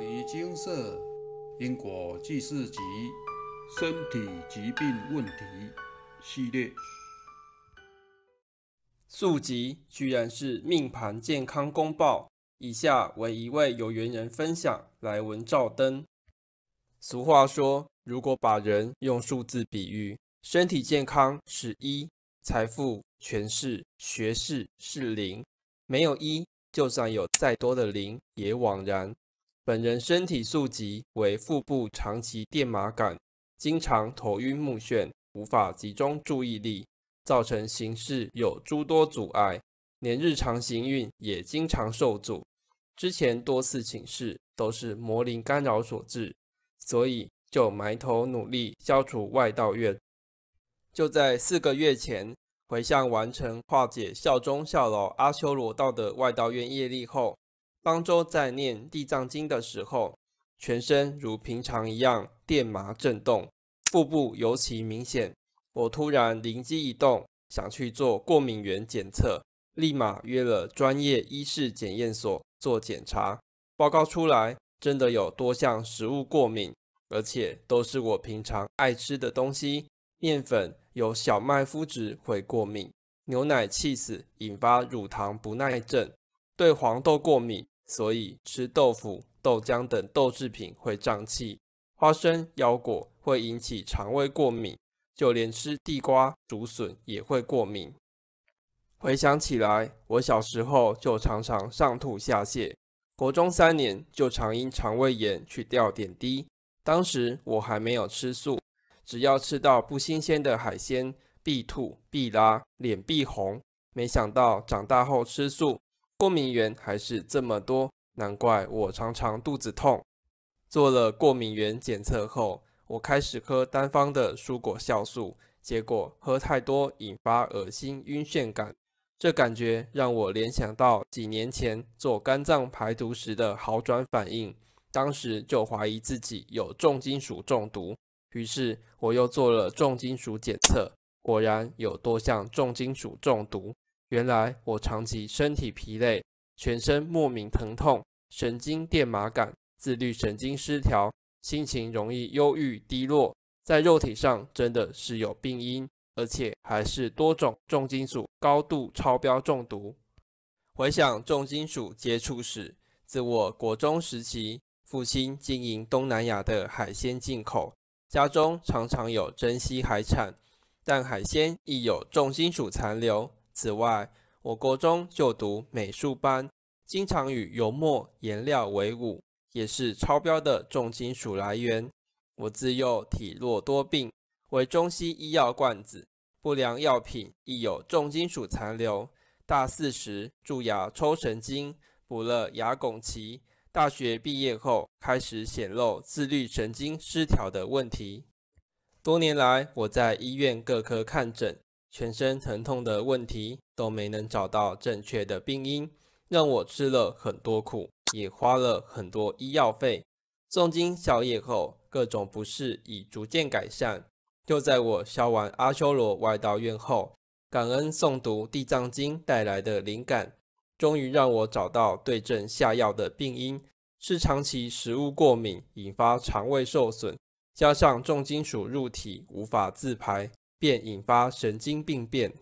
牟尼精舍，因果濟世集身體疾病問題系列，宿疾居然是命盤健康公報。以下為一位有緣人分享來文照登。俗話說，如果把人用數字比喻，身體健康是一，財富、權勢、學士是零。沒有一，就算有再多的零也枉然。本人身體宿疾，為腹部長期電麻感，經常頭暈目眩，無法集中注意力，造成行事有諸多阻礙，連日常行運也經常受阻。之前多次請示，都是魔靈干擾所致，所以就埋頭努力消除外道怨。就在四個月前，回向完成化解效忠效勞阿修羅道的外道怨業力後。當周在念《地藏經》的時候，全身如平常一樣電麻震動，腹部尤其明顯。我突然靈機一動，想去做過敏原檢測，立馬約了專業醫事檢驗所做檢查。報告出來，真的有多項食物過敏，而且都是我平常愛吃的東西：麵粉有小麥麩質會過敏，牛奶、起司引發乳糖不耐症，對黃豆過敏。所以吃豆腐、豆漿等豆製品會脹氣，花生、腰果會引起腸胃過敏，就連吃地瓜、竹筍也會過敏。回想起來，我小時候就常常上吐下瀉，國中三年就常因腸胃炎去吊點滴。當時我還沒有吃素，只要吃到不新鮮的海鮮，必吐、必拉、臉必紅。沒想到長大後吃素，過敏原還是這麼多，難怪我常常肚子痛。做了過敏原檢測後，我開始喝單方的蔬果酵素，結果喝太多引發惡心、暈眩感。這感覺讓我聯想到幾年前做肝臟排毒時的好轉反應，當時就懷疑自己有重金屬中毒，於是我又做了重金屬檢測，果然有多項重金屬中毒。原來我長期身體疲累，全身莫名疼痛，神經電麻感，自律神經失調，心情容易憂鬱低落，在肉體上真的是有病因，而且還是多種重金屬高度超標中毒。回想重金屬接觸史，自我國中時期，父親經營東南亞的海鮮進口，家中常常有珍稀海產，但海鮮亦有重金屬殘留。此外，我國中就讀美術班，經常與油墨、顏料為伍，也是超標的重金屬來源。我自幼體弱多病，為中西醫藥罐子，不良藥品亦有重金屬殘留。大四時蛀牙抽神經，補了牙汞齊。大學畢業後，開始顯露自律神經失調的問題。多年來，我在醫院各科看診。全身疼痛的問題都沒能找到正確的病因，讓我吃了很多苦，也花了很多醫藥費。誦經消業後，各種不適已逐漸改善。就在我消完阿修羅外道院後，感恩誦讀地藏經帶來的靈感，終於讓我找到對症下藥的病因，是長期食物過敏引發腸胃受損，加上重金屬入體無法自排。便引發神經病變，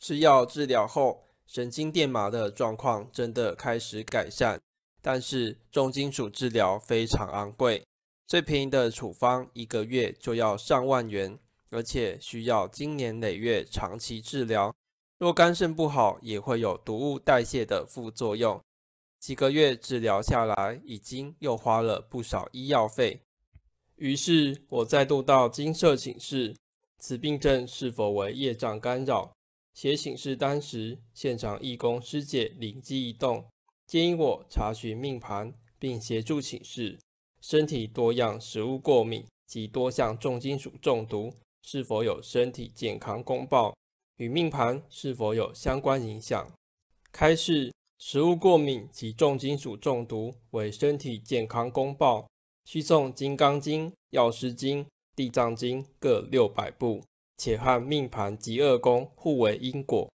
吃藥治療後，神經電麻的狀況真的開始改善。但是重金屬治療非常昂貴，最便宜的處方一個月就要上萬元，而且需要經年累月長期治療。若肝腎不好，也會有毒物代謝的副作用。幾個月治療下來，已經又花了不少醫藥費。於是我再度到精舍請示。此病症是否為業障干擾？寫請示單時，現場義工師姐靈機一動，建議我查詢命盤，並協助請示：身體多樣食物過敏及多項重金屬中毒，是否有身體健康公報與命盤是否有相關影響？開示：食物過敏及重金屬中毒為身體健康公報，需誦《金剛經》《藥師經》。地藏經各六百部，且和命盤疾厄宮互為因果。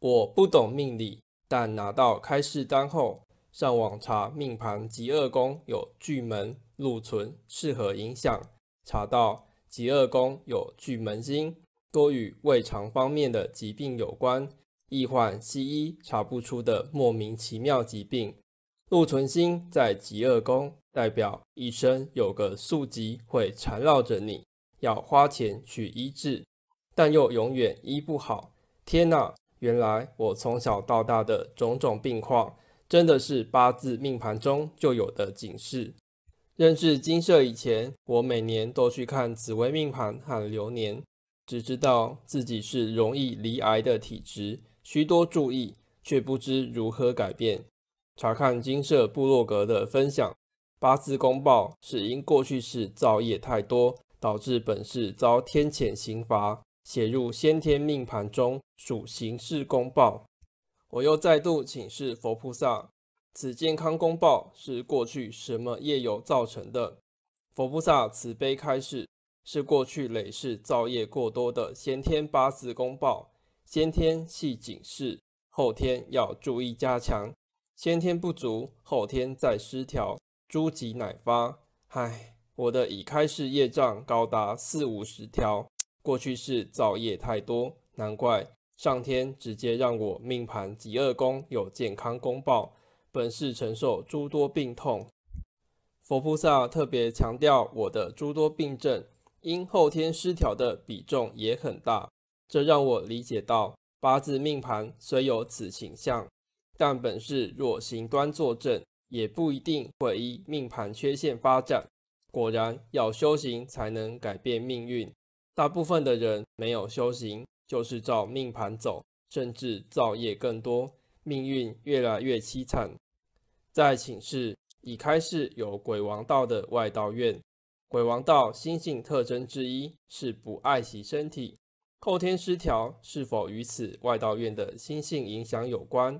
我不懂命理，但拿到開示單後，上網查命盤疾厄宮有巨門、祿存是何影響。查到疾厄宮有巨門星，多與胃腸方面的疾病有關，易患西醫查不出的莫名其妙疾病。祿存星在疾厄宮。代表一生有個宿疾會纏繞着你，要花錢去醫治，但又永遠醫不好。天哪！原來我從小到大的種種病況，真的是八字命盤中就有的警示。認識精舍以前，我每年都去看紫微命盤和流年，只知道自己是容易罹癌的體質，需多注意，卻不知如何改變。查看精舍部落格的分享，八字公報是因過去世造業太多，導致本世遭天譴刑罰，寫入先天命盤中，屬刑事公報。我又再度請示佛菩薩，此健康公報是過去什麼業有造成的？佛菩薩慈悲開示，是過去累世造業過多的先天八字公報。先天係警示，後天要注意加強。先天不足，後天再失調。宿疾乃發，唉，我的已開示業障高達四五十條，過去世造業太多，難怪上天直接讓我命盤疾厄宮有健康公報，本世承受諸多病痛。佛菩薩特別強調我的諸多病症，因後天失調的比重也很大，這讓我理解到八字命盤雖有此傾向，但本世若行端坐正，也不一定會依命盤缺陷發展。果然，要修行才能改變命運。大部分的人沒有修行，就是照命盤走，甚至造業更多，命運越來越淒慘。在請示已開示有鬼王道的外道冤。鬼王道心性特徵之一是不愛惜身體，後天失調是否與此外道冤的心性影響有關？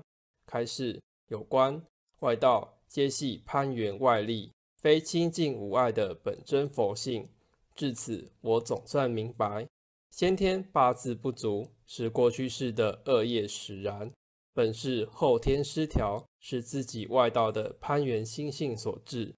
開示有關外道，皆係攀援外力，非清淨無礙的本真佛性。至此，我總算明白，先天八字不足是過去世的惡業使然，本是後天失調，是自己外道的攀援心性所致。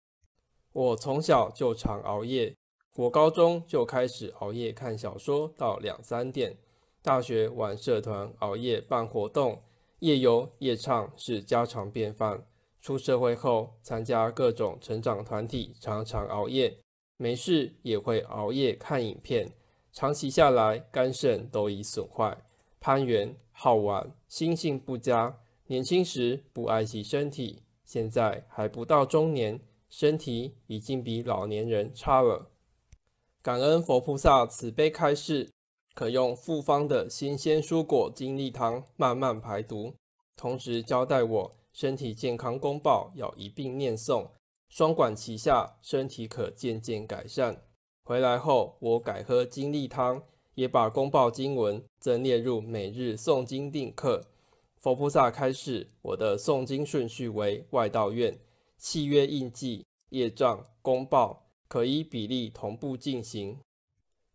我從小就常熬夜，我高中就開始熬夜看小說到兩三點，大學玩社團熬夜辦活動，夜遊夜唱是家常便飯。出社會後，參加各種成長團體，常常熬夜，沒事也會熬夜看影片。長期下來，肝腎都已損壞。攀援好玩，心性不佳。年輕時不愛惜身體，現在還不到中年，身體已經比老年人差了。感恩佛菩薩慈悲開示，可用復方的新鮮蔬果精力湯慢慢排毒，同時交代我。身體健康，公報要一併念誦，雙管齊下，身體可漸漸改善。回來後，我改喝精力湯，也把公報經文增列入每日誦經定課。佛菩薩開示，我的誦經順序為外道願契約印記、業障公報，可以比例同步進行。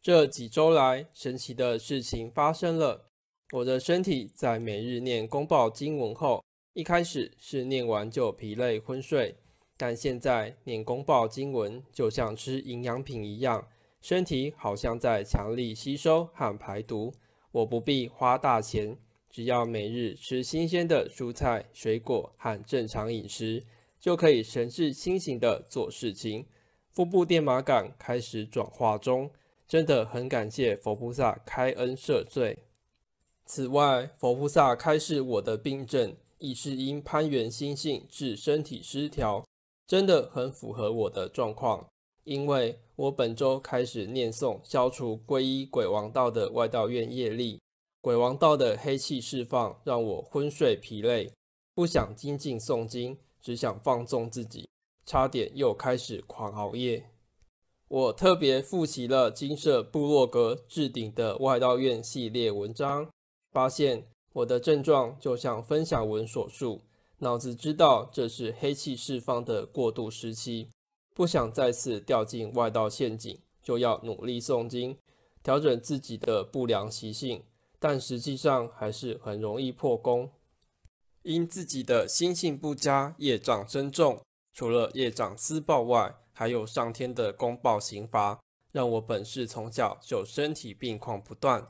這幾週來，神奇的事情發生了，我的身體在每日念公報經文後。一開始是念完就疲累昏睡，但現在念公報經文就像吃營養品一樣，身體好像在強力吸收和排毒。我不必花大錢，只要每日吃新鮮的蔬菜水果和正常飲食，就可以神志清醒地做事情。腹部電麻感開始轉化中，真的很感謝佛菩薩開恩赦罪。此外，佛菩薩開示我的病症。亦是因攀緣心性致身體失調，真的很符合我的狀況。因為我本周開始念誦消除皈依鬼王道的外道怨業力，鬼王道的黑氣釋放讓我昏睡疲累，不想精進誦經，只想放縱自己，差點又開始狂熬夜。我特別複習了精舍部落格置頂的外道怨系列文章，發現。我的症狀就像分享文所述，腦子知道這是黑氣釋放的過渡時期，不想再次掉進外道陷阱，就要努力誦經，調整自己的不良習性。但實際上還是很容易破功，因自己的心性不佳，業障深重。除了業障私報外，還有上天的公報刑罰，讓我本是從小就身體病況不斷。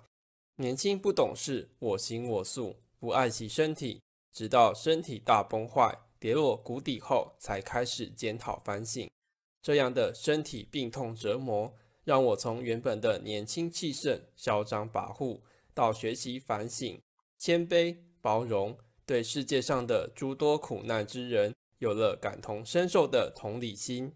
年輕不懂事，我行我素，不愛惜身體，直到身體大崩壞、跌落谷底後，才開始檢討反省。這樣的身體病痛折磨，讓我從原本的年輕氣盛、囂張跋扈，到學習反省、謙卑包容，對世界上的諸多苦難之人，有了感同身受的同理心。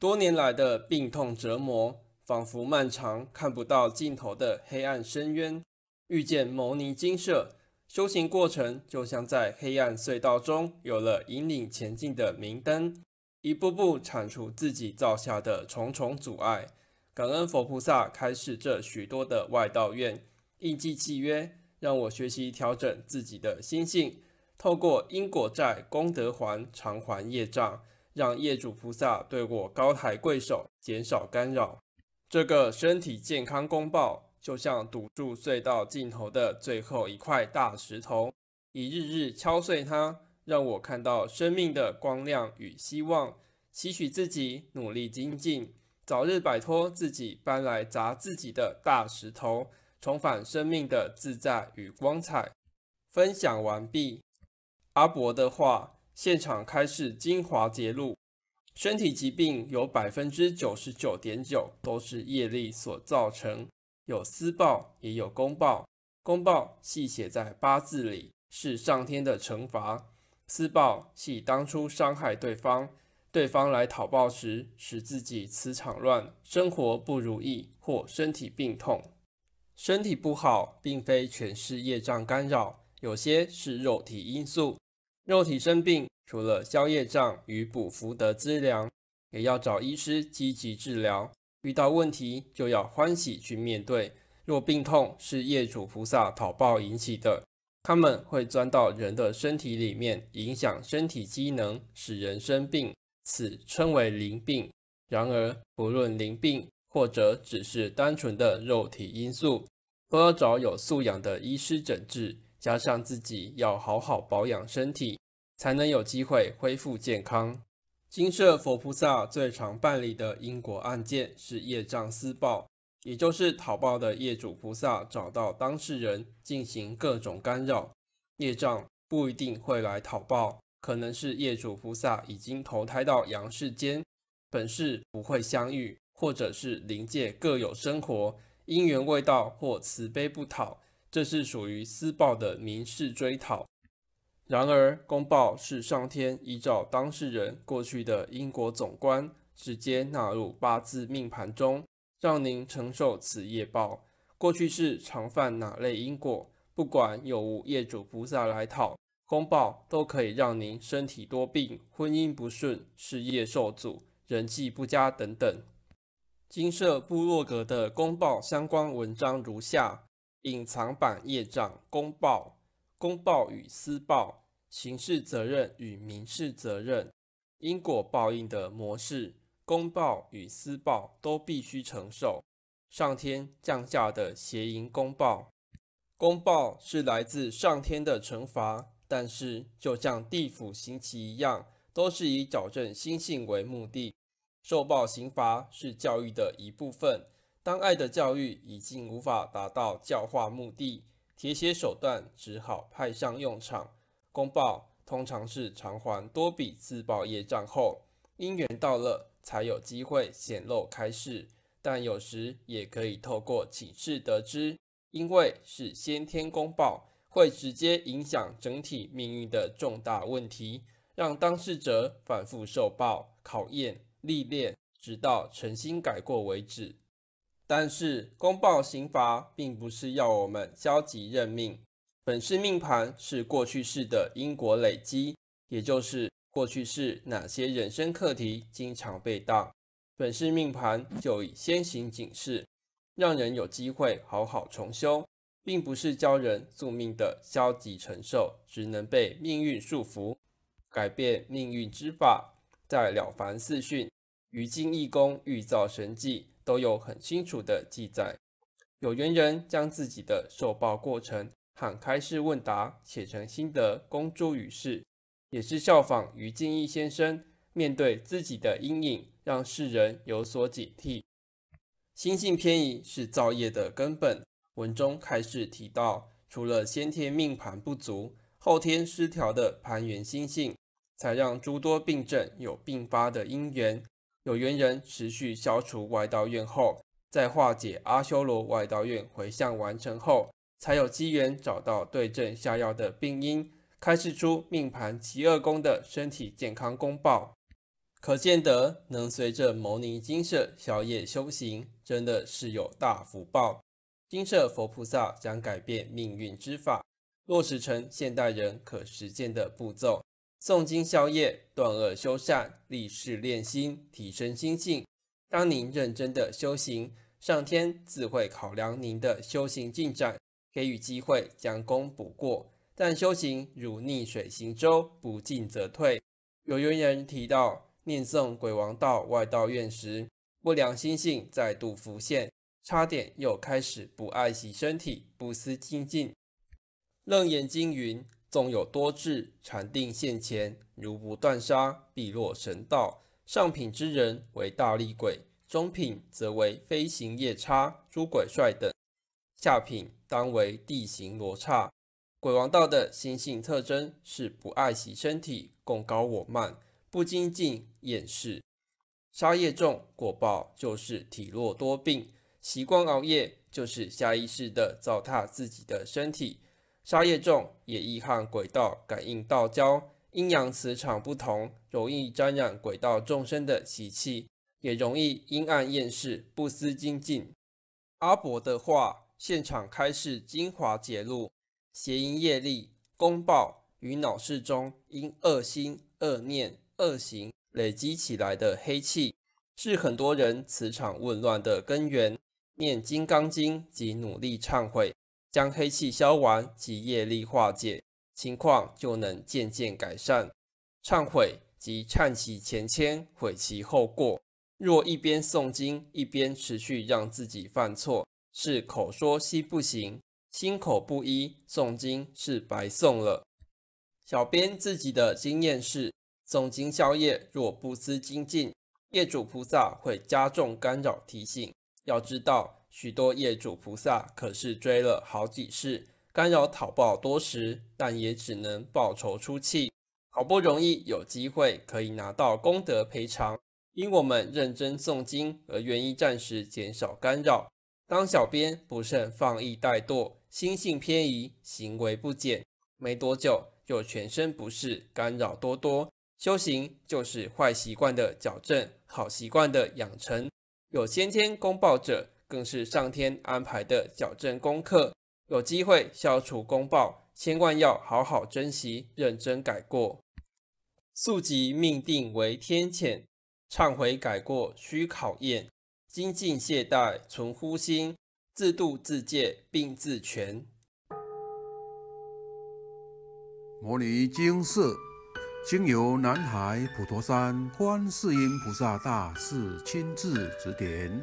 多年來的病痛折磨，仿佛漫長看不到盡頭的黑暗深淵。遇見牟尼精舍，修行過程就像在黑暗隧道中有了引領前進的明燈，一步步鏟除自己造下的重重阻礙。感恩佛菩薩開示這許多的外道願印記契約，讓我學習調整自己的心性，透過因果債功德還償還業障，讓業主菩薩對我高抬貴手，減少干擾。這個身體健康公報，就像堵住隧道盡頭的最後一塊大石頭，一日日敲碎它，讓我看到生命的光亮與希望，期許自己努力精進，早日擺脫自己搬來砸自己的大石頭，重返生命的自在與光彩。分享完畢，阿伯的話，現場開始精華揭露：身體疾病有百分之九十九點九都是業力所造成。有私報，也有公報。公報係寫在八字裡，是上天的懲罰；私報係當初傷害對方，對方來討報時，使自己磁場亂，生活不如意，或身體病痛。身體不好，並非全是業障干擾，有些是肉體因素。肉體生病，除了消業障與補福德資糧，也要找醫師積極治療。遇到問題就要歡喜去面對。若病痛是業主菩薩討報引起的，他們會鑽到人的身體裡面，影響身體機能，使人生病，此稱為靈病。然而，不論靈病或者只是單純的肉體因素，都要找有素養的醫師診治，加上自己要好好保養身體，才能有機會恢復健康。精舍佛菩薩最常辦理的因果案件是業障私報，也就是討報的業主菩薩找到當事人進行各種干擾。業障不一定會來討報，可能是業主菩薩已經投胎到陽世間，本世不會相遇，或者是靈界各有生活，因緣未到或慈悲不討，這是屬於私報的民事追討。然而，公報是上天依照當事人過去的因果總觀，直接納入八字命盤中，讓您承受此業報。過去是常犯哪類因果？不管有無業主菩薩來討，公報都可以讓您身體多病、婚姻不順、事業受阻、人際不佳等等。精舍部落格的公報相關文章如下：隱藏版業障公報。公報與私報，刑事責任與民事責任，因果報應的模式，公報與私報都必須承受。上天降下的邪淫公報，公報是來自上天的懲罰，但是就像地府刑期一樣，都是以矯正心性為目的。受報刑罰是教育的一部分，當愛的教育已經無法達到教化目的。鐵血手段只好派上用場。公報通常是償還多筆自報業障後，因緣到了才有機會顯露開示，但有時也可以透過請示得知，因為是先天公報，會直接影響整體命運的重大問題，讓當事者反覆受報、考驗、歷練，直到誠心改過為止。但是，公報刑罰並不是要我們消極認命。本世命盤是過去世的因果累積，也就是過去世哪些人生課題經常被當。本世命盤就已先行警示，讓人有機會好好重修，並不是教人宿命的消極承受，只能被命運束縛。改變命運之法，在《了凡四訓》：“於今一公欲造神跡。”都有很清楚的記載，有緣人將自己的受報過程和開示問答寫成心得公諸於世，也是效仿於敬一先生面對自己的陰影，讓世人有所警惕。心性偏移是造業的根本。文中開始提到，除了先天命盤不足，後天失調的攀緣心性，才讓諸多病症有併發的因緣。有緣人持續消除外道怨後，在化解阿修羅外道怨回向完成後，才有機緣找到對症下藥的病因，開示出命盤疾厄宮的身體健康公報。可見得能隨着牟尼精舍消業修行，真的是有大福報。精舍佛菩薩將改變命運之法落實成現代人可實踐的步驟。誦經消業，斷惡修善，立誓練心，提升心性。當您認真的修行，上天自會考量您的修行進展，給予機會將功補過。但修行如逆水行舟，不進則退。有緣人提到，念誦鬼王到外道院時，不良心性再度浮現，差點又開始不愛惜身體，不思精進。楞嚴經云。縱有多智，禪定現前，如不斷殺，必落神道。上品之人為大力鬼，中品則為飛行夜叉、諸鬼帥等，下品當為地行羅剎。鬼王道的心性特徵是不愛惜身體，貢高我慢，不精進厭世，殺業重，果報就是體弱多病。習慣熬夜，就是下意識的糟蹋自己的身體。殺業重也易害鬼道感應道交，陰陽磁場不同，容易沾染鬼道眾生的習氣，也容易陰暗厭世，不思精進。阿伯的話，現場開示精華節錄，邪淫業力公報與腦室中因噁心、惡念、惡行累積起來的黑氣，是很多人磁場紊亂的根源。念《金剛經》及努力懺悔。將黑氣消完，及業力化解，情況就能漸漸改善。懺悔即懺其前愆，悔其後過。若一邊誦經一邊持續讓自己犯錯，是口說心不行，心口不一，誦經是白誦了。小編自己的經驗是，誦經消業若不思精進，業主菩薩會加重干擾提醒。要知道。許多業主菩薩可是追了好幾世，干擾討報多時，但也只能報仇出氣。好不容易有機會可以拿到功德賠償，因我們認真誦經而願意暫時減少干擾。當小編不慎放逸怠惰，心性偏移，行為不檢，沒多久就全身不適，干擾多多。修行就是壞習慣的矯正，好習慣的養成。有先天公報者。更是上天安排的矯正功課，有機會消除公報，千萬要好好珍惜，認真改過。宿疾命定為天譴，懺悔改過需考驗，精進懈怠存乎心，自度自戒並自全。牟尼精舍，經由南海普陀山觀世音菩薩大士親自指點，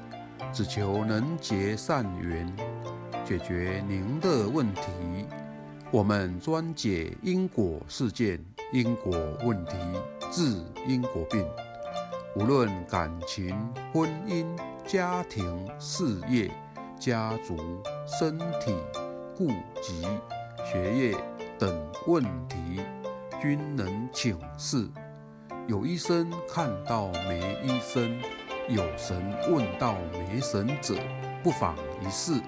只求能結善緣，解決您的問題。我們專解因果事件、因果問題、治因果病，無論感情、婚姻、家庭、事業、家族、身體、痼疾、學業等問題，均能請示。有醫生看到沒醫生，有神問道沒神者不妨一試。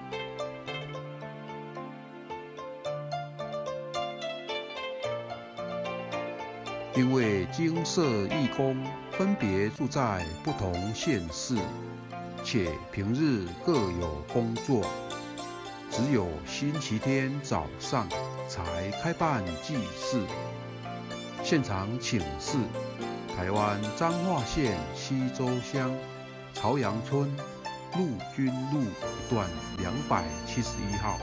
因為精舍義工分別住在不同縣市，且平日各有工作，只有星期天早上才開辦濟世。現場請示台灣彰化縣溪州鄉，朝陽村陸軍路一段兩百七十一號。